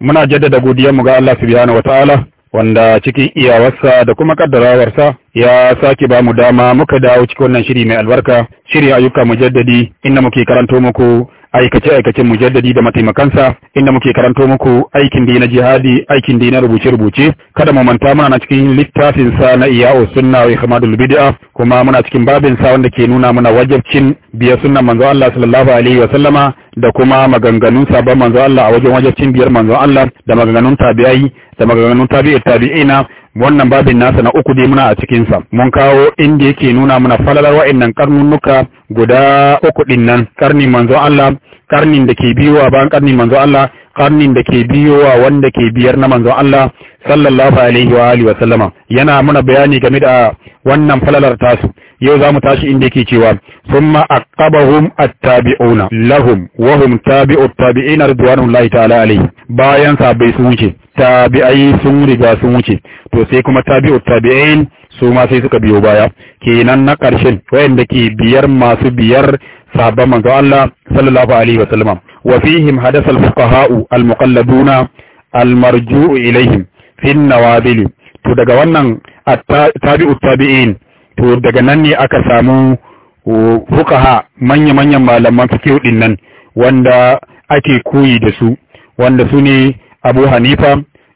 muna jaddada godiyarmu ga Allah subhanahu wataala wanda cikin iyawarsa da kuma kaddarawarsa ya sake ba mu dama muka dawo cikin wannan shiri mai albarka shiri ayyuka mujaddadi inda muke karanto muku aikace-aikacen mujaddadi da mataimakansa inda muke karanto muku aikin dina jihadi aikin dina rubuce-rubuce kada mu manta muna cikin littafin sa na iya'u sunna wa ihmadul bid'a kuma muna cikin babin sa wanda ke nuna muna wajibcin biyar sunnan manzo Allah sallallahu alaihi wa sallama da kuma maganganun sabon manzo Allah a wajen wajibcin biyar manzo Allah da maganganun tabi'ai da maganganun tabi'i tabi'ina wannan babin nasa na uku dai muna a cikinsa mun kawo inda yake nuna muna falalar wa'annan karnunnuka guda uku din nan karnin manzo Allah karnin da ke biyowa bayan karnin manzo Allah karnin da ke biyowa wanda ke biyar na manzo Allah sallallahu alaihi wa alihi wa sallama yana muna bayani game da wannan falalar tasu yau za mu tashi inda yake cewa summa a at-tabi'una lahum wahum tabi'u tabi'ina ridwanullahi ta alayhi bayan sabai sun wuce tabi'ai sun riga sun wuce to sai kuma tabi'u tabi'in su ma sai suka biyo baya kenan na ƙarshen wayanda ke biyar masu biyar sabon manzo Allah sallallahu alaihi wa sallama. wa fihim hadasa al-fuqaha'u al-muqallabuna al-marju'u ilaihim fi an-nawabil to daga wannan tabi'u tabi'in to daga nan ne aka samu fukaha manya-manyan malaman fikihu din nan wanda ake koyi da su wanda su ne abu hanifa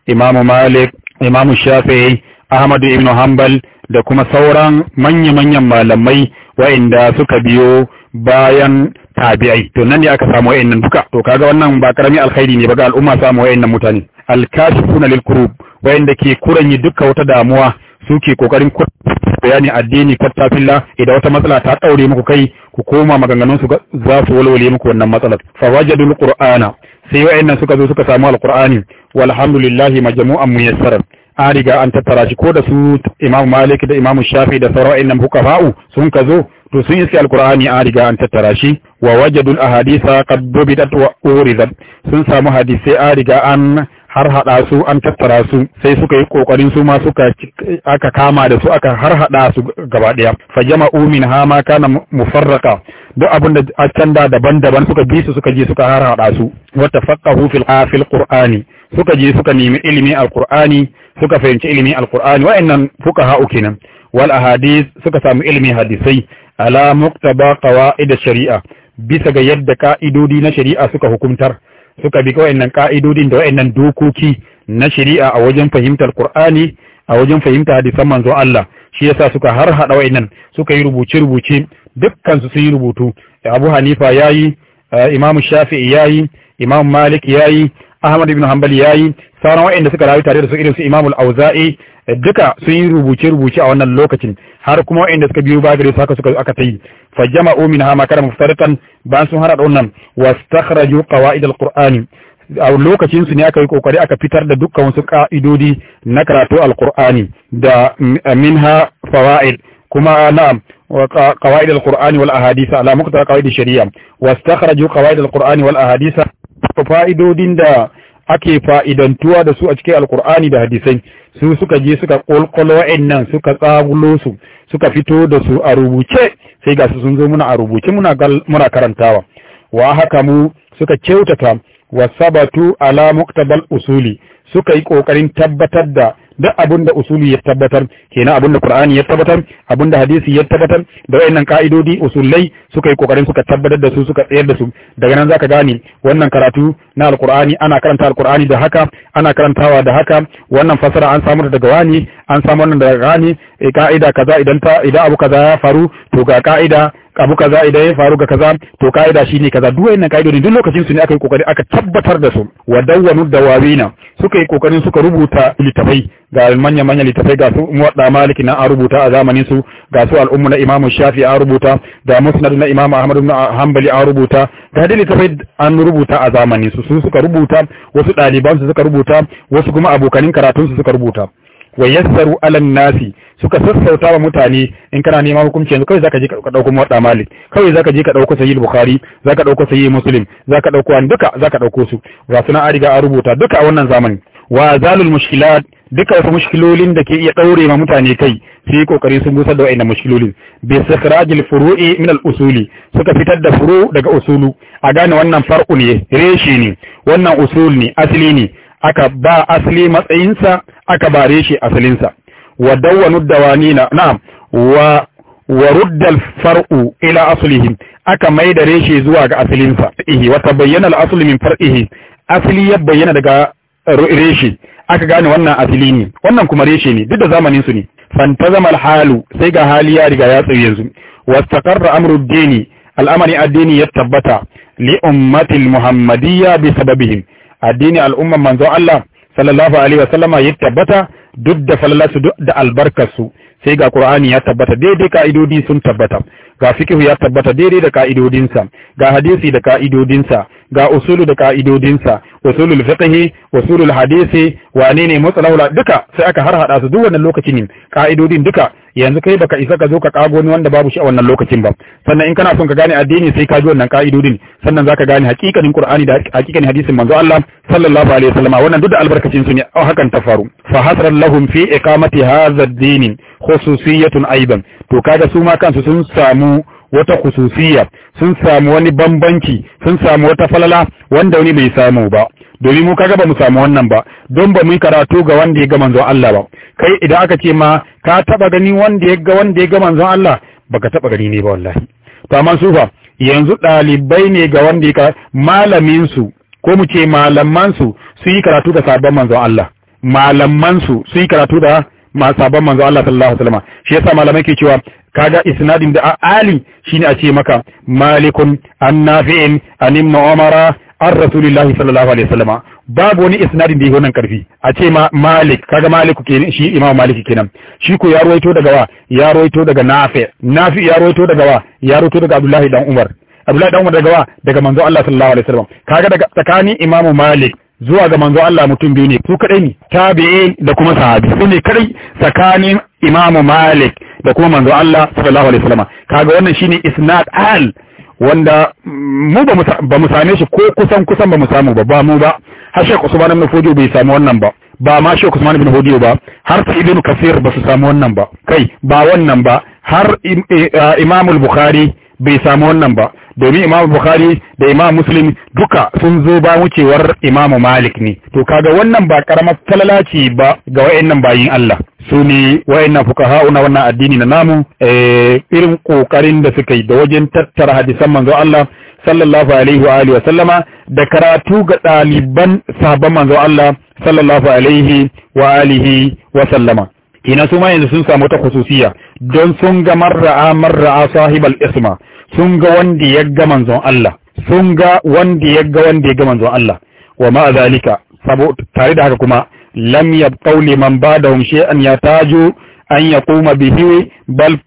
imamu malik imamu shafi'i ahmadu ibn hanbal da kuma sauran manya-manyan malamai wa'inda suka biyo bayan tabi'ai to nan ne aka samu wa'annan duka to kaga wannan ba karami alkhairi ne ba ga al'umma samu wa'annan mutane alkashifuna lil kurub wa'inda ke kuranyi duka wata damuwa suke kokarin bayani addini fattafilla idan wata matsala ta daure muku kai ku koma maganganun su za su walwale muku wannan matsalar fa wajadul qur'ana sai wayannan suka zo suka samu alqur'ani walhamdulillahi majmu'an muyassara an riga an tattara shi ko da su imam malik da imam shafi da sauran wayannan fuqaha'u sun ka zo to sun iske alqur'ani an riga an tattara shi wa wajadul ahadisa qad dubidat wa uridat sun samu hadisi an riga an har hada su an tattara su sai suka yi ƙoƙarin su ma suka aka kama da su aka har hada su gaba ɗaya fa jama'u min ha ma kana mufarraqa duk abin da a canda daban-daban suka bi su suka je suka har hada su wa tafaqahu fil afil qur'ani suka je suka nemi ilimi alqur'ani suka fahimci ilimi alqur'ani wa'annan fuqaha kenan wal ahadith suka samu ilimi hadisai ala muqtaba qawaid shari'a bisa ga yadda ka'idodi na shari'a suka hukuntar suka bi wayannan ka'idodin da wayannan dokoki na shari'a a wajen fahimtar Qur'ani a wajen fahimtar hadisan manzo Allah shi yasa suka har hada wayannan suka yi rubuce rubuce dukkan su sun yi rubutu Abu Hanifa yayi eh, Imam Shafi'i yayi Imam Malik yayi Ahmad ibn Hanbal yayi sauran wayanda suka rayu tare da su irin su Imam Al-Auza'i duka sun yi rubuce-rubuce a wannan lokacin har kuma waɗanda suka biyo ba gare su haka suka aka ta yi fa jama'u min ha makara muftaratan bayan sun har hada wannan wastakhraju qawaid alqur'ani a lokacin su ne aka yi kokari aka fitar da dukkan wasu ka'idodi na karatu alqur'ani da minha fawaid kuma na'am qawaid alqur'ani wal ahadith ala muqtara qawaid shari'a wastakhraju qawaid alqur'ani wal ahadith fa'idodin da ake fa'idantuwa da su a cikin alkur'ani da hadisai su suka je suka kolkolo nan suka tsagulo su suka fito da su a rubuce sai ga su sun zo muna a rubuce muna karantawa wa haka mu suka kyautata wasabatu ala muktabal usuli suka yi kokarin tabbatar da duk abin da usuli ya tabbatar kenan abin da qur'ani ya tabbatar abin da hadisi ya tabbatar da wayannan ka'idodi usulai suka yi kokarin suka tabbatar da su suka tsayar da su daga nan zaka gane wannan karatu na alqur'ani ana karanta alqur'ani da haka ana karantawa da haka wannan fasara an samu daga wani an samu wannan daga wani eh, ka'ida kaza idan ta idan abu kaza ya faru to ga ka'ida abu kaza idan ya faru ga kaza to kaida shi ne kaza duk wayannan kaidodi duk lokacin su ne aka yi kokari aka tabbatar da su wa dawwanu dawawina suka yi kokarin suka rubuta litafai ga manya manya litafai ga su muwadda maliki na a rubuta a zamanin su ga su al'ummu na imamu shafi a rubuta da musnad na imamu ahmad ibn hanbali a rubuta ga dai litafai an rubuta a zamanin su su suka rubuta wasu ɗaliban su suka rubuta wasu kuma abokanin karatun su suka rubuta wa yassaru alan nasi suka sassauta wa mutane in kana neman hukunci yanzu kawai zaka je ka dauko muwatta malik kawai zaka je ka dauko sayyid bukhari zaka dauko sayyid muslim zaka dauko an duka zaka dauko su ga suna an riga an rubuta duka a wannan zamani wa zalul mushkilat duka wasu mushkilolin da ke iya daure ma mutane kai su yi kokari sun busar da wa'annan mushkilolin bi sakrajil furu'i min al usuli suka fitar da furu daga usulu a gane wannan farqu ne reshe ne wannan usul ne asali ne aka ba asali matsayinsa aka bare shi asalinsa wa dawwanu na'am wa wa ruddal far'u ila aslihi aka maida reshe zuwa ga asalinsa ihi wa tabayyana al-asl min far'ihi asli ya bayyana daga reshe aka gane wannan asili ne wannan kuma reshe ne duk da zamanin su ne fantazama al-halu sai ga hali ya riga ya tsaye yanzu wastaqarra amru ad-dini al-amri ad-dini ya tabbata li ummati al-muhammadiyya bi sababihim addini al'umman manzon Allah sallallahu alaihi wa sallama ya tabbata duk da falalasu duk da albarkarsu sai ga Qur'ani ya tabbata daidai ka'idodi sun tabbata ga fikihu ya tabbata daidai da ka'idodinsa ga hadisi da ka'idodinsa ga usulu da ka'idodinsa usulul fiqhi usulul hadisi wane ne matsalahula duka sai aka har hada su duk wannan lokacin ka'idodin duka yanzu kai baka isa ka zo ka kago wanda babu shi a wannan lokacin ba sannan in kana son ka gane addini sai ka ji wannan ka'idodin sannan zaka gane hakikanin qur'ani da hakikanin hadisin manzo Allah sallallahu alaihi wasallam wannan duk da albarkacin su ne hakan ta faru fa hasran lahum fi iqamati hadha ad-din khususiyatun aidan to kaga su ma kansu sun samu wata kususiya sun samu wani bambanci sun samu wata falala wanda wani bai samu ba domin mu kaga ba mu samu wannan ba don ba mu karatu ga wanda ya ga manzon Allah ba kai idan aka ce ma ka taba gani wanda ya ga wanda ya ga manzon Allah baka taba gani ne ba wallahi to amma sufa yanzu dalibai ne ga wanda ya malamin su ko mu ce malaman su su yi karatu ga sabon manzon Allah malaman su su yi karatu da ma sabon manzo Allah sallallahu alaihi wasallam shi yasa malamai ke cewa kaga isnadin da ali shine a ce maka malikun annafi'in an ibn umara ar rasulillahi sallallahu alaihi wasallam babu wani isnadin da yake wannan karfi a ce ma malik kaga malik kenan shi imam malik kenan shi ko ya ruwaito daga wa ya ruwaito daga nafi nafi ya ruwaito daga wa ya ruwaito daga abdullahi dan umar abdullahi dan umar daga wa daga manzo Allah sallallahu alaihi wasallam kaga daga tsakanin imam malik zuwa ga manzo Allah mutum biyu ne su kadai ne tabi'i da kuma sahabi su ne kadai tsakanin imamu malik da kuma manzo Allah sallallahu alaihi wasallam kaga wannan shine isnad al wanda mu ba mu same shi ko kusan kusan ba mu samu ba ba mu ba har Sheikh Usman ibn Fodio bai samu wannan ba ba ma Sheikh Usman ibn Fodio ba har sai ibn Kasir ba su samu wannan ba kai ba wannan ba har eh, eh, Imam al-Bukhari bai samu wannan ba domin imamu bukhari da imam muslim duka sun zo ba wucewar imam malik ne to kaga wannan ba karamar falala ba ga wayannan bayin Allah su ne wayannan fuka na wannan addini na namu eh irin kokarin da suka yi da wajen tattara hadisan manzo Allah sallallahu alaihi wa alihi wa sallama da karatu ga ɗaliban sabon manzo Allah sallallahu alaihi wa alihi wa sallama ina su ma yanzu sun samu ta khususiya don sun ga marra'a marra'a sahibal isma sun ga wanda ya ga manzon Allah sun ga wanda ya ga wanda ya ga manzon Allah wa ma zalika sabo tare da haka kuma lam yabqaw liman ba'dahum shay'an yataju an yaquma bihi bal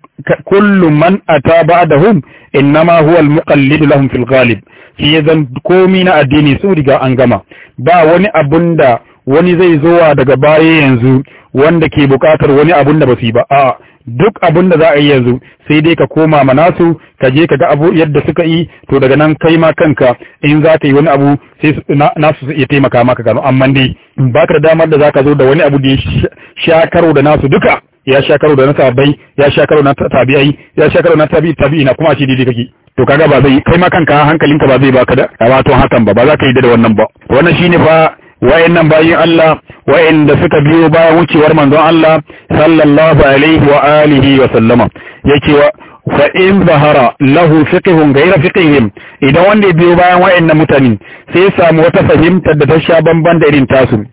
kullu man ata ba'dahum innama huwa al-muqallid lahum fil ghalib shi zan komi na addini su riga an gama ba wani abunda wani zai zowa daga baya yanzu wanda ke bukatar wani abun da ba su yi ba a duk abun da za a yi yanzu sai dai ka koma manasu ka je ka ga abu yadda suka yi to daga nan kai ma kanka in za ka yi wani abu sai nasu su iya taimaka maka gano amma dai ba ka da damar da za ka zo da wani abu da ya sha karo da nasu duka ya sha karo da na sabai ya sha karo na tabi'ai ya sha karo na tabi'i na kuma shi daidai kake to kaga ba zai kai ma kanka hankalinka ba zai baka da wato hakan ba ba za ka yi da wannan ba wannan shine fa wa'annan bayin Allah wa'anda suka biyo bayan wucewar manzon Allah sallallahu alaihi wa alihi wa sallama yake wa fa in zahara lahu fiqhun ghayra fiqhihim idan wanda biyo bayan wa'annan mutane sai ya samu wata fahimta da ta sha bamban da irin tasu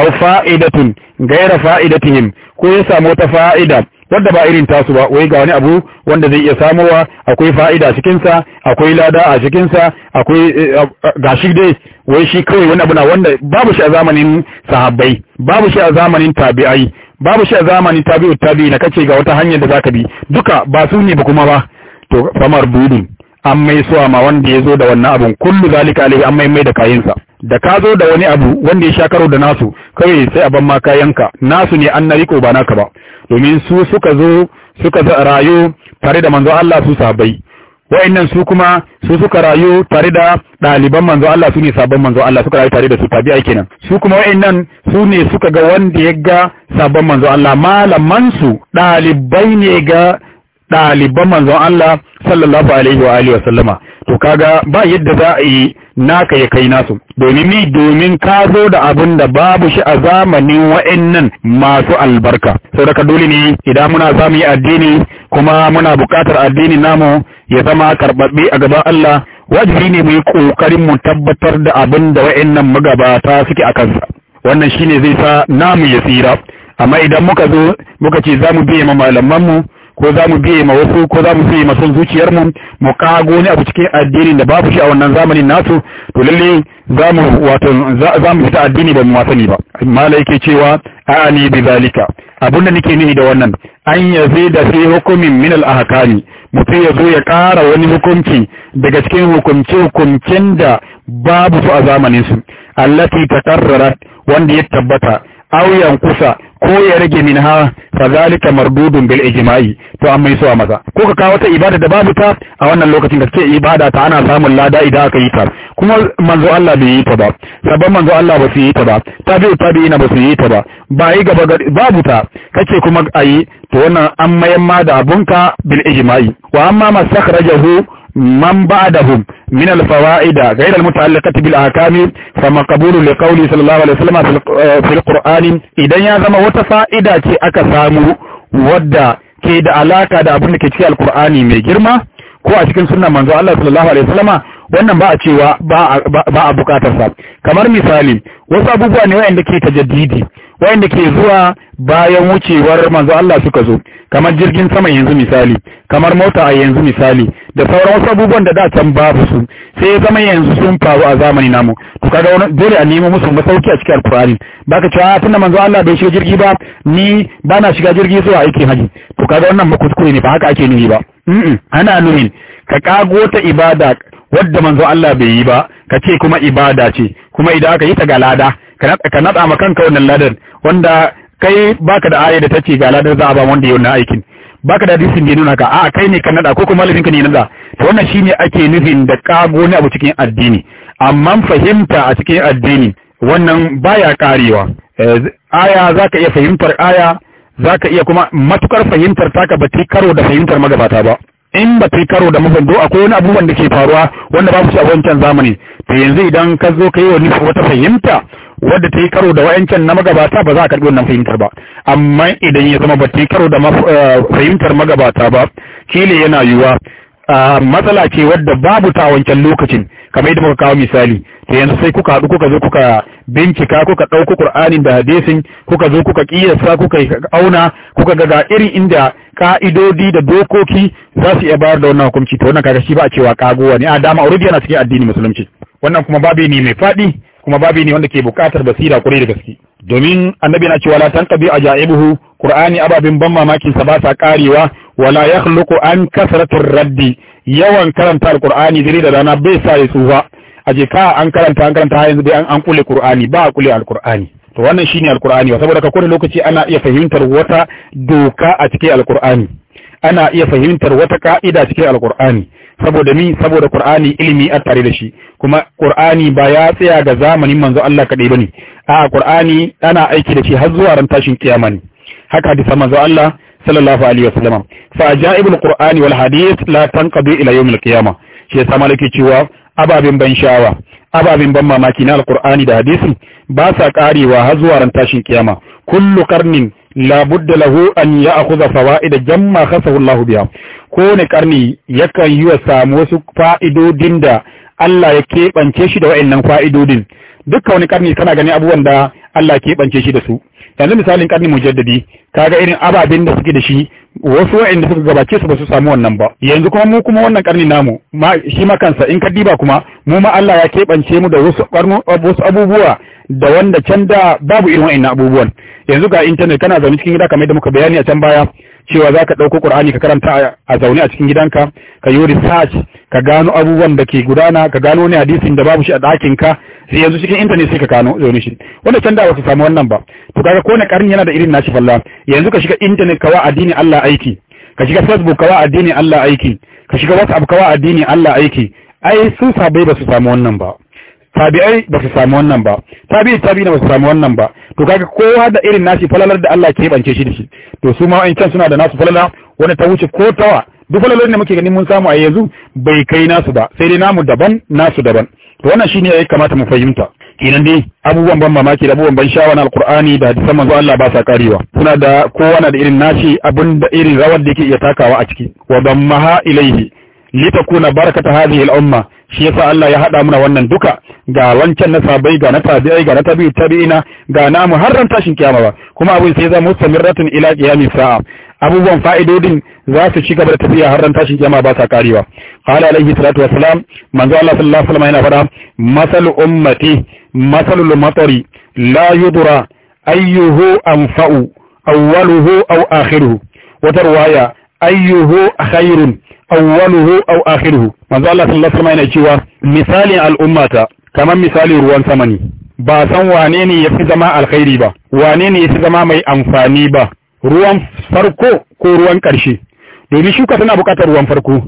aw fa'idatun ghayra fa'idatihim ko ya samu wata fa'ida wadda ba irin tasu ba wai ga wani abu wanda zai iya samowa akwai fa'ida cikinsa akwai lada a cikinsa akwai eh, eh, gashi dai wai shi kawai wani abu na wanda babu shi a zamanin sahabbai babu shi a zamanin tabi'ai babu shi a zamanin tabi'u tabi'i na kace ga wata hanyar da zaka bi duka ba su ne ba kuma ba to famar budin an mai suwa ma wanda ya zo da wannan abun kullu zalika alaihi an mai mai da kayansa da ka zo da wani abu wanda ya sha karo da nasu kawai sai a ban ma kayanka nasu ne an na riko ba naka ba domin su suka zo suka rayu tare da manzo Allah su sabai wa'annan su kuma su suka rayu tare da ɗaliban manzo Allah su ne sabon manzo Allah suka rayu tare da su tabi'ai kenan su kuma wa'annan su ne suka ga wanda ya ga sabon manzo Allah malaman su ɗalibai ne ga ɗaliban manzon Allah sallallahu alaihi wa alihi wa sallama to kaga ba yadda za a yi naka ya kai nasu domin ni domin ka zo da abin da babu shi a zamanin wa'annan masu albarka saboda dole ne idan muna za yi addini kuma muna buƙatar addini namu ya zama karɓaɓɓe a gaban Allah wajibi ne mu yi ƙoƙarin mu tabbatar da abin da wa'annan magabata suke a kansa wannan shine zai sa namu ya tsira amma idan muka zo muka ce za mu biye ma malamanmu ko za mu biye ma wasu ko za mu fiye ma son zuciyar mu mu kago ne abu cikin addini da babu shi a wannan zamanin nasu to lalle za mu wato za mu fita addini ba mu wasani ba mala yake cewa a'ani bi zalika abun da nake nihi da wannan an yazi da fi hukumin min al ahkami mutum ya zo ya kara wani hukunci daga cikin hukunce hukuncen da babu su a zamanin su allati takarrarat wanda ya tabbata aw yankusa ko ya rage min ha fa zalika mardudun bil ijma'i to an mai so a maza ko ka kawo ta ibada da babu ta a wannan lokacin gaske ibada ta ana samun lada idan aka yi ta kuma manzo Allah bai yi ta ba sabon manzo Allah ba su yi ta ba tabi'u tabi'ina ba su yi ta ba ba yi gaba babu ta kace kuma ayi to wannan an mayan ma da abunka bil ijma'i wa amma masakhrajahu من بعدهم من الفوائد غير المتعلقة بالآكام فما قبول لقوله صلى الله عليه وسلم في القرآن إذا يازم وتفائدة أكثام ودى كيد علاقة دا أبن كتير القرآن مجرمة ko a cikin sunnan manzo Allah الله alaihi wasallama wannan ba a cewa ba a bukatarsa. kamar misali wasu abubuwa ne wayanda ke tajaddidi wayanda ke zuwa bayan wucewar manzo Allah suka zo kamar jirgin sama yanzu misali kamar mota a yanzu misali da sauran wasu abubuwan da can babu su sai ya zama yanzu sun faru a zamani namu to kaga wani dole a nemo musu masauki a cikin alkurani baka cewa ah, da manzo Allah bai shiga jirgi ba ni ba na shiga jirgi zuwa aikin haji to kaga wannan makuskure ne ba haka ake nuni ba ana nuhin ka kago ta ibada wadda manzo Allah bai yi ba ka ce kuma ibada ce kuma idan aka yi ta galada ka natsa ma kanka wannan ladar wanda kai baka da aya da tace galadar za a ba wanda ya wannan aikin baka da hadisin da nuna ka a kai ne ka nada ko kuma malamin ka ne nada to wannan shine ake nufin da kago ne abu cikin addini amma fahimta a cikin addini wannan baya karewa eh, aya zaka iya fahimtar aya zaka iya kuma matukar fahimtar taka ba ta karo da fahimtar magabata ba in ba ta karo da mafando akwai wani abubuwan da ke faruwa wanda babu shi a wancan zamani to yanzu idan ka zo ka yi wa nufi wata fahimta wadda ta yi karo da wayancan na magabata ba za a karɓi wannan fahimtar ba amma idan ya zama ba ta yi karo da eh, fahimtar magabata ba kila yana yiwuwa matsala ce wadda babu ta wancan lokacin kamar yadda muka kawo misali to yanzu sai kuka haɗu kuka zo kuka bincika kuka ɗauko ƙur'anin da hadisin kuka zo kuka ƙiyasa kuka auna kuka ga ga irin inda ka'idodi da dokoki za su iya bayar da wannan hukunci to wannan kaga shi ba a cewa ƙagowa ne a dama already yana cikin addini musulunci wannan kuma babu ne mai faɗi kuma babi ne wanda ke buƙatar basira ƙwarai da gaske domin annabi na cewa la tanqabi ajaibuhu qur'ani ababen ban mamakin sa ba sa karewa wala yakhluqu an kasratur raddi yawan karanta alqur'ani dare da rana bai sa ya tsufa aje ka an karanta an karanta yanzu dai an an kule qur'ani ba a kule alqur'ani to wannan shine alqur'ani saboda ka kowane lokaci ana iya fahimtar wata doka a cikin alqur'ani ana iya fahimtar wata ka'ida cikin alqur'ani saboda ni saboda Qur'ani ilimi a tare da shi kuma Qur'ani ba ya tsaya ga zamanin manzo Allah kadai bane a Qur'ani ana aiki da shi har zuwa ran tashin kiyama ne haka hadisa manzo Allah sallallahu alaihi wasallam fa ajaibul Qur'ani wal hadith la tanqadi ila yawmil qiyama shi yasa malaki cewa ababin ban sha'awa ababin ban mamaki na alqur'ani da hadisi ba sa karewa har zuwa ran tashin kiyama kullu karnin la budda lahu an ya'khudha fawaid jamma khasahu Allah biha kowane karni yakan yi wa samu wasu fa'idodin da Allah ya keɓance shi da wa’in fa'idodin dukka wani karni kana gani abubuwan da Allah keɓance shi da su yanzu misalin karni mujaddadi kaga irin ababen da suke da shi wasu wa'anda suka gabace su ba su samu wannan ba yanzu kuma mu kuma wannan karni namu ma shi ma kansa in ka diba kuma mu ma Allah ya keɓance mu da wasu wasu abubuwa da wanda can da babu irin wa'annan abubuwan yanzu ga intanet kana zaune cikin gida kamar da muka bayani a can baya cewa za ka ɗauko ƙur'ani ka karanta a zaune a cikin gidanka ka yi research ka gano abubuwan da ke gudana ka gano wani hadisin da babu shi a ɗakinka sai yanzu cikin intanet sai ka kano. zaune shi wanda can da ba su samu wannan ba to kaga kowane ƙarni yana da irin nashi falla yanzu ka shiga intanet ka wa addini Allah aiki ka shiga facebook ka wa addini Allah aiki ka shiga whatsapp ka wa addini Allah aiki ai su sabai ba su samu wannan ba tabi'ai ba su samu wannan ba tabi'i na ba su samu wannan ba to kaga kowa da irin nashi falalar da Allah ke bance shi da shi to su ma can suna da nasu falala wanda ta wuce ko tawa duk falalar da muke ganin mun samu a yanzu bai kai nasu ba sai dai namu daban nasu daban to wannan shine ya kamata mu fahimta kenan dai abubuwan ban mamaki da abubuwan ban sha'awa na alkur'ani da hadisan manzo Allah ba sa karewa suna da kowa na da irin nashi abin da irin rawar da yake iya takawa a ciki wa ha ilaihi litakuna barakata hadhihi al-umma shi yasa Allah ya hada muna wannan duka ga wancan na sabai ga na tabi'ai ga na tabi'i tabi'ina ga na muharram tashin kiyama ba kuma abin sai zama mustamirratun ila qiyami sa'a abubuwan fa'idodin za su ci gaba da tafiya har ran tashin kiyama ba sa karewa qala alaihi salatu wassalam manzo Allah sallallahu alaihi wasallam yana fara masal ummati masalul matari la yudra ayyuhu anfa'u awwaluhu aw akhiruhu wata ruwaya ayyuhu khairun awwaluhu aw akhiruhu manzo Allah sallallahu alaihi wasallam cewa misalin al'ummata kamar misalin ruwan sama ne ba san wane ne yafi zama alkhairi ba wane ne yafi zama mai amfani ba ruwan farko ko ruwan karshe domin shuka tana buƙatar ruwan farko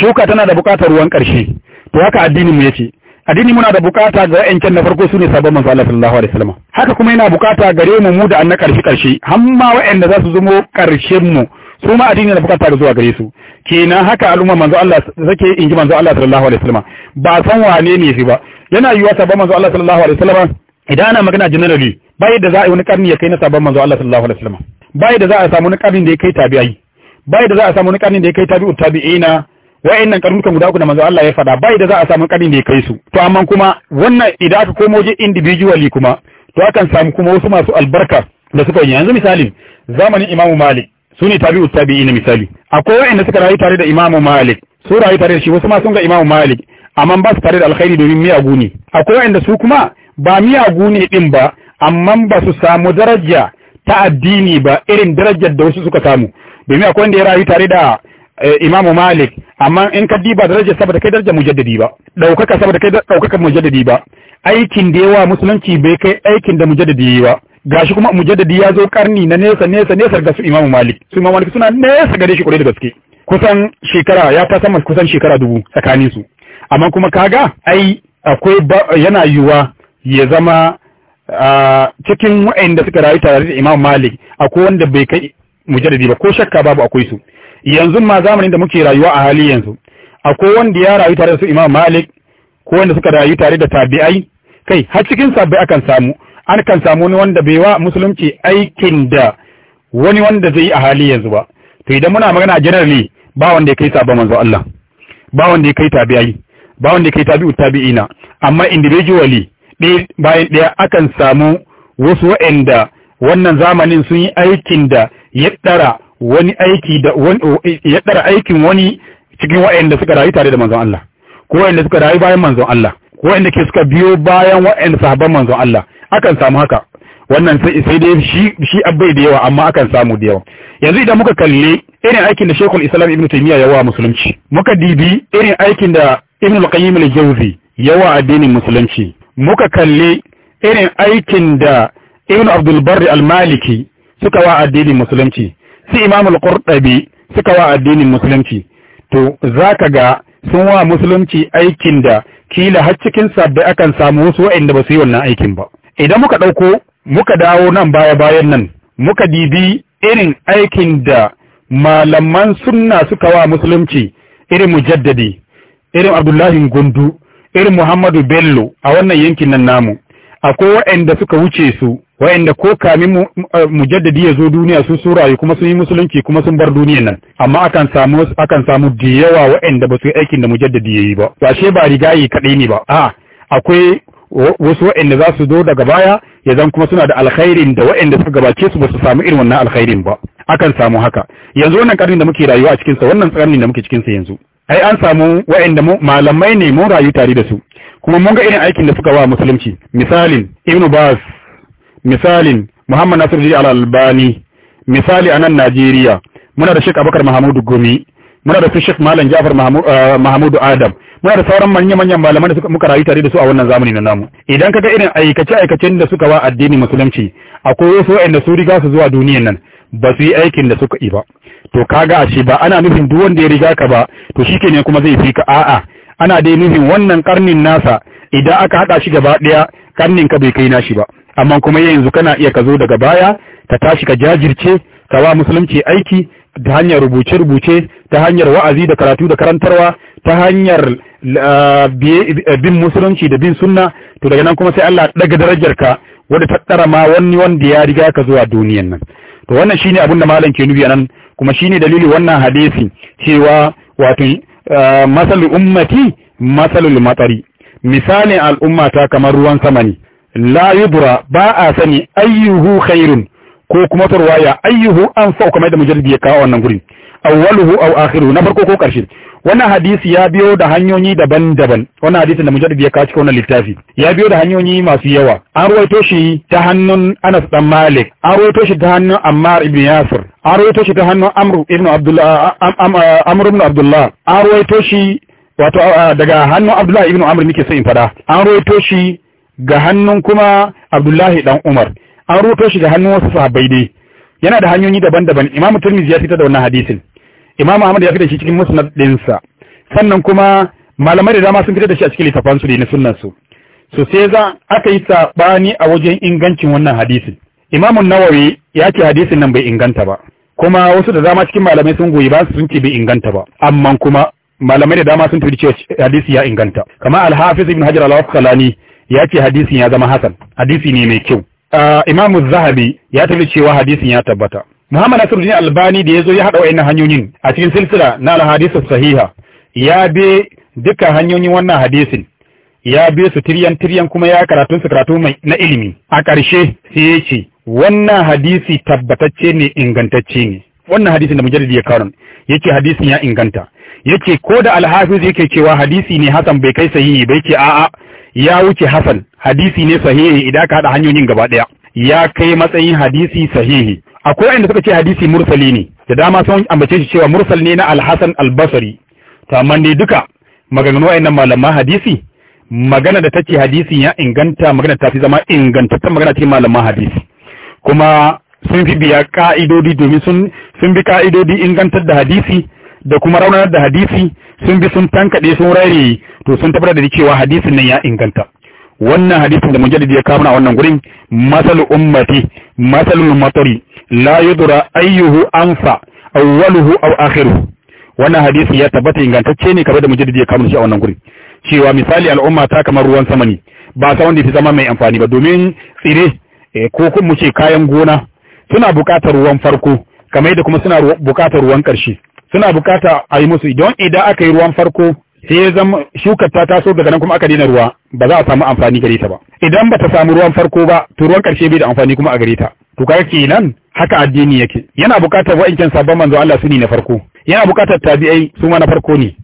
shuka tana da buƙatar ruwan karshe to haka addinin mu yace addini muna da buƙata ga yankin na farko sune sabon manzo Allah sallallahu alaihi wasallam haka kuma yana buƙata gare mu mu da ana karshe karshe har ma wa'anda za su zamo karshen mu su ma addini na da zuwa gare su kenan haka al'umma manzo Allah sake in ji manzo Allah sallallahu alaihi wasallam ba san wane ne shi ba yana yiwa sabon manzo Allah sallallahu alaihi wasallam idan ana magana generally ba yadda za a yi wani karni ya kai na sabon manzo Allah sallallahu alaihi wasallam ba yadda za a samu wani karni da ya kai tabi'i ba yadda za a samu wani karni da ya kai tabi'u tabi'ina wa'annan karnukan guda uku da manzo Allah ya faɗa ba yadda za a samu karni da ya kai su to amma kuma wannan idan aka komo je individually kuma to akan samu kuma wasu masu albarka da suka yi yanzu misalin zamanin Imam Malik su ne tabi'u tabi'i na misali akwai wa'anda suka rayu tare da imamu malik su rayu tare da shi wasu ma sun ga imamu malik amma ba su tare da alkhairi domin miyagu ne akwai wa'anda su kuma ba miyagu ne din ba amma ba su samu daraja ta addini ba irin darajar da wasu suka samu domin akwai wanda ya rayu tare da eh, imamu malik amma in ka diba darajar saboda kai darajar mujaddadi ba daukaka saboda kai daukaka mujaddadi ba aikin da yawa musulunci bai kai aikin da mujaddadi ba gashi kuma mujaddadi ya zo karni na nesa nesa nesa ga su imamu malik su imamu malik suna nesa gare shi kwarai da gaske kusan shekara ya ta sama kusan shekara dubu tsakanin su amma kuma kaga ai akwai yana yiwuwa ya zama cikin wa'anda suka rayu tare da Imam Malik akwai wanda bai kai mujaddadi ba ko shakka babu akwai su yanzu ma zamanin da muke rayuwa a hali yanzu akwai wanda ya rayu tare da su Imam Malik ko wanda suka rayu tare da tabi'ai kai har cikin sabbai akan samu an kan samu wani wanda bai wa musulunci aikin da wani wanda zai yi a hali yanzu ba to idan muna magana generally ba wanda ya kai sabon manzo Allah ba wanda ya kai tabi'i ba wanda ya kai tabi'u tabi'ina amma individually ɗaya bayan ɗaya akan samu wasu waɗanda wannan zamanin sun yi aikin da ya ɗara wani aiki da ya ɗara aikin wani cikin waɗanda suka rayu tare da manzon Allah ko waɗanda suka rayu bayan manzon Allah ko waɗanda ke suka biyo bayan waɗanda sahabban manzon Allah akan samu haka wannan sai dai shi shi abbai da yawa amma akan samu da yawa yanzu idan muka kalle irin aikin da Sheikhul Islam Ibn Taymiyyah yawa musulunci muka dibi irin aikin da Ibn Al-Qayyim Al-Jawzi yawa addinin musulunci muka kalle irin aikin da Ibn Abdul Barr Al-Maliki suka wa addinin musulunci su Imam Al-Qurtubi suka wa addinin musulunci to zaka ga sun wa musulunci aikin da kila har cikin sabbai akan samu wasu waɗanda ba su yi wannan aikin ba idan muka ɗauko muka dawo nan baya-bayan nan muka dibi irin aikin da malaman sunna suka wa musulunci irin mujaddadi irin abdullahi gundu irin muhammadu bello a wannan yankin nan namu akwai wa'anda suka wuce su wa'anda ko kamin eh, mujaddadi ya zo duniya sun yi kuma sun yi musulunci kuma sun bar duniya nan amma akan samu akan samu da yawa wa'anda ba su yi aikin da mujaddadi ya yi ba ba riga rigayi kaɗai ne ba a akwai wasu waɗanda za su zo daga baya ya zan kuma suna da alkhairin da waɗanda suka gabace su ba su samu irin wannan alkhairin ba akan samu haka yanzu wannan karni da muke rayuwa a cikinsa wannan tsarni da muke cikinsa yanzu ai an samu waɗanda malamai ne mu rayu tare da su kuma mun ga irin aikin da suka wa musulunci misalin ibnu bas misalin muhammad nasiru al albani misali a nan najeriya muna da shek abubakar mahamudu gumi muna da su Sheikh Malam Jafar mahamudu eh, Adam muna da sauran manyan manyan malaman da muka rayu tare da su a wannan zamani na namu idan kaga irin aikace aikacen da suka ba addini musulunci akwai wasu wa'anda su riga su zuwa duniyan nan ba su yi aikin da suka yi ba to kaga ashe ba ana nufin duk wanda ya riga ka ba to shikenan kuma zai fi ka a'a ana dai nufin wannan karnin nasa idan aka hada shi gaba daya karnin ka bai kai nashi ba amma kuma yanzu kana iya ka zo daga baya ka tashi ka jajirce ka wa musulunci aiki ta hanyar rubuce-rubuce ta hanyar wa'azi da karatu da karantarwa ta hanyar ah, eh, bin musulunci da bin sunna to daga nan kuma sai Allah daga darajar ka wanda ta tsara ma wani wanda ya riga ka zuwa duniyan nan to wannan shine abin da malam ke nubi nan kuma shine dalili wannan hadisi cewa wato ah, masalul ummati masalul matsari misalin al'ummata kamar ruwan sama ne la yubra ba a sani ayyuhu khairun ko kuma ta ruwaya ayyuhu an sau kamar da mujaddid ya kawo wannan gurin awwaluhu aw akhiruhu na farko ko karshe wannan hadisi ya biyo da hanyoyi daban-daban wannan hadisin da mujaddid ya kawo cikin wannan littafi ya biyo da hanyoyi masu yawa an ruwaito shi ta hannun Anas dan Malik an ruwaito shi ta hannun Ammar ibn Yasir an ruwaito shi ta hannun Amr ibn Abdullah Amr ibn Abdullah an ruwaito shi wato daga hannun Abdullah ibn Amr nake so in fada an ruwaito shi ga hannun kuma Abdullahi dan Umar an rubuto shi da hannun wasu sahabbai dai yana da hanyoyi daban-daban imamu turmizi ya fitar da wannan hadisin imamu ahmad ya fitar shi cikin musnad ɗinsa sannan kuma malamai da dama sun fitar da shi a cikin littafan su da na sunnan su so sai za aka yi sabani a wajen ingancin wannan hadisin imamu nawawi ya ce hadisin nan bai inganta ba kuma wasu da dama cikin malamai sun goyi ba sun ce bai inganta ba amma kuma malamai da dama sun tafi cewa hadisi ya inganta kamar al-hafiz ibn hajar al-asqalani ya ce hadisin ya zama hasan hadisi ne mai kyau imamu zahabi ya tafi cewa hadisin ya tabbata muhammad nasiruddin albani da ya zo ya haɗa wa hanyoyin a cikin silsila na alhadisa sahiha ya bi dukkan hanyoyin wannan hadisin ya bi su tiryan tiryan kuma ya karatun su karatu mai na ilimi a ƙarshe sai ya ce wannan hadisi tabbatacce ne ingantacce ne wannan hadisin da mujallid ya karon yake hadisin ya inganta yake ko da alhafiz yake cewa hadisi ne Hassan bai kai sahihi bai ce a'a ya wuce hasan hadisi ne sahihi idan ka hada hanyoyin gaba daya ya kai matsayin hadisi sahihi akwai inda suka ce hadisi mursali ne da dama sun ambace shi cewa mursal ne na al-hasan al-basri to amma ne duka maganganu nan malaman hadisi magana da tace hadisin ya inganta magana ta fi zama ingantaccen magana cikin malaman hadisi kuma sun fi biya ka'idodi domin sun sun bi ka'idodi ingantar da hadisi da kuma raunar da hadisi sun bi sun tankaɗe sun rare to sun tabbatar da cewa hadisin nan ya inganta wannan hadisin da mujallid ya kawo a wannan gurin masal ummati masalul matari la yudra ayyuhu anfa awwaluhu aw akhiruhu wannan hadisi ya tabbata ingantacce ne kamar da mujallid ya kawo shi a wannan gurin cewa misali al'umma ta kamar ruwan sama ne ba sa wanda ya zama mai amfani ba domin tsire eh, ko kuma mu ce kayan gona suna buƙatar ruwan farko kamar yadda kuma suna buƙatar ruwan ƙarshe suna bukata a yi musu don idan aka yi ruwan farko sai ya zama shukar ta taso daga nan kuma aka daina ruwa ba za a samu amfani gare ta ba idan ba ta samu ruwan farko ba to ruwan karshe bai da amfani kuma a gare ta to kaga kenan haka addini yake yana bukatar wa'ancan sabon manzo Allah su ne na farko yana bukatar tabi'ai su ma na farko ne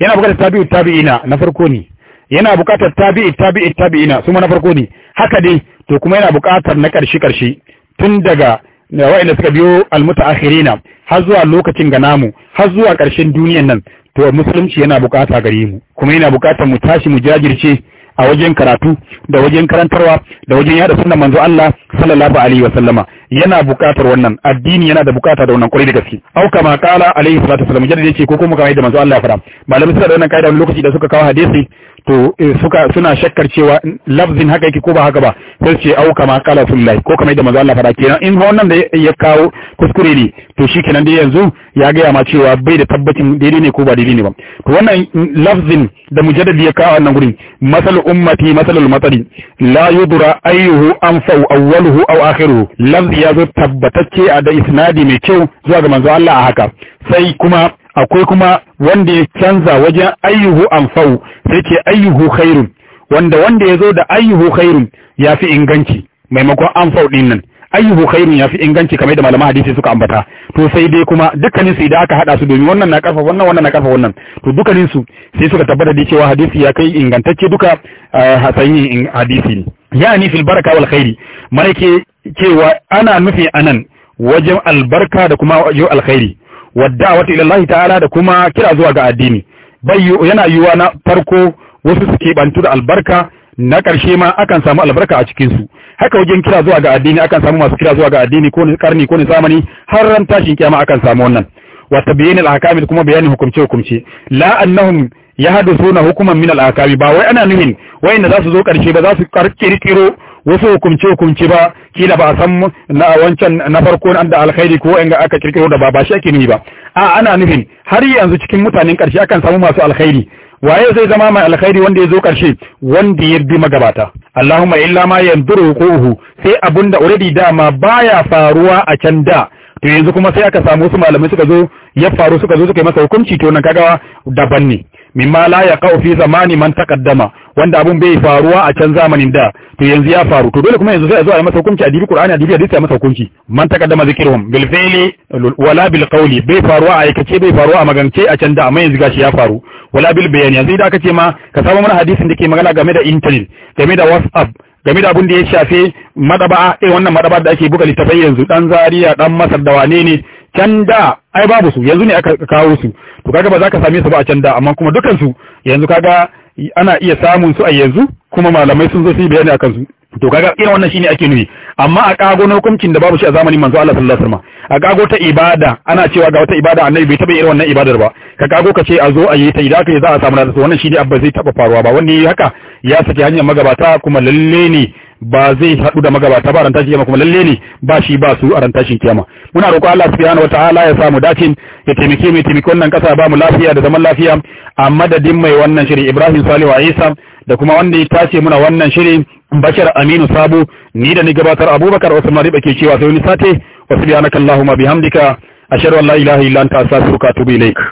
yana bukatar tabi'u tabi'ina na farko ne yana bukatar tabi'i tabi'i tabi'ina su ma na farko ne haka dai to kuma yana bukatar na karshe karshe tun daga wa'inda suka biyo almutaakhirina har zuwa lokacin ga namu har zuwa ƙarshen duniyan nan to musulunci yana bukata gare mu kuma yana bukatar mu tashi mu jajirce a wajen karatu da wajen karantarwa da wajen yada suna manzo Allah sallallahu alaihi wa sallama yana buƙatar wannan addini yana da buƙata da wannan ƙwarai da gaske au kama kala alaihi salatu wasallam jadda yace ko kuma kamar yadda manzo Allah ya fara malamin suna da wannan kaida wani lokaci da suka kawo hadisi to eh, suka suna shakkar cewa lafzin haka yake ko ba haka ba sai ce au kama kala sunnah ko kamar yadda manzo Allah fara kenan in wannan da ya kawo kuskure ne to shikenan dai yanzu ya ga ma cewa bai da tabbacin daidai ne ko ba daidai ne ba to wannan lafzin da mujaddid ya kawo wannan gurin masal ummati masalul matsari la yudura ayyuhu anfa'u awwaluhu aw akhiruhu lafzi ya zo tabbatacce a da isnadi mai kyau zuwa ga manzo Allah a haka sai kuma akwai kuma wanda ya canza wajen ayyuhu amfau sai ce ayyuhu khairun wanda wanda ya zo da ayyuhu khairun ya fi inganci maimakon amfau din nan ayyuhu khairin yafi inganci kamar da malaman hadisi suka ambata to sai dai kuma dukkanin su idan aka hada su domin wannan na karfa wannan wannan na karfa wannan to dukkanin su sai suka tabbata da cewa hadisi ya kai ingantacce duka eh, hasayin hadisi yani fil baraka wal khairi malake cewa ana nufi anan wajen albarka da kuma wajen alkhairi wadda'awatu ila Allah ta'ala da kuma kira zuwa ga addini bayyu yana yiwuwa na farko wasu su keɓantu da albarka na ƙarshe ma akan samu albarka a cikinsu haka wajen kira zuwa ga addini akan samu masu kira zuwa ga addini ko karni ko zamani har ran tashin kiyama akan samu wannan wa tabyin al kuma bayanin hukumce hukumce la annahum yahdithuna hukuman min al ba wai ana nuhin wayanda za su zo ƙarshe ba za su kirkiro wasu hukumce hukumce ba kila ba a san na wancan na farko an da alkhairi ko in aka kirkiro da ba ba shi ake nuhi ba a ana nufin har yanzu cikin mutanen ƙarshe akan samu masu alkhairi waye zai zama mai alkhairi wanda ya zo karshe wanda ya bi magabata Allahumma illa ma yanzuru quhu sai abunda already dama baya faruwa a can da to yanzu kuma sai aka samu wasu malamai suka zo ya faru suka zo suka yi masa hukunci to nan kaga daban ne mimma la yaqau fi zamani man taqaddama wanda abun bai faruwa a can zamanin da to yanzu ya faru to dole kuma yanzu sai a zo a masa hukunci a dibi qur'ani a dibi hadisi a masa hukunci man taqaddama zikruhum bil fi'li wala bil qawli bai faruwa a aikace bai faruwa a magance a can da amma yanzu gashi ya faru wala bil bayani yanzu idan aka ce ma ka samu mana hadisin da ke magana game da internet game da whatsapp game da abun da ya shafe madaba eh wannan madaba da ake buga littafai yanzu dan zaria dan masar da wane ne can da ai babu su yanzu ne aka kawo su to kaga ba za ka same su ba a can da amma kuma dukan su yanzu kaga ana iya samun su a yanzu kuma malamai sun zo su yi bayani akan su to kaga irin wannan shine ake nuni amma a kago na hukuncin da babu shi a zamanin manzo Allah sallallahu alaihi wasallam a kago ta ibada ana cewa ga wata ibada annabi bai taba irin wannan ibadar ba ka kago ka ce a zo a yi ta idan ka za a samu nasa wannan shine abba zai taba faruwa ba wanda haka ya saki hanyar magabata kuma lalle ne ba zai haɗu da magabata ba a rantashin kiyama kuma lalle ne ba shi ba su a rantashin kiyama muna roƙo Allah subhanahu wataala ya samu dacin ya taimake mu taimake wannan ƙasa ba mu lafiya da zaman lafiya a madadin mai wannan shirin Ibrahim Salihu Isa da kuma wanda ya tace muna wannan shirin Bashir Aminu Sabo ni da ni gabatar Abubakar Usman Riba ke cewa sai wani sate wa subhanakallahumma bihamdika ashhadu an la ilaha illa anta astaghfiruka wa atubu ilaik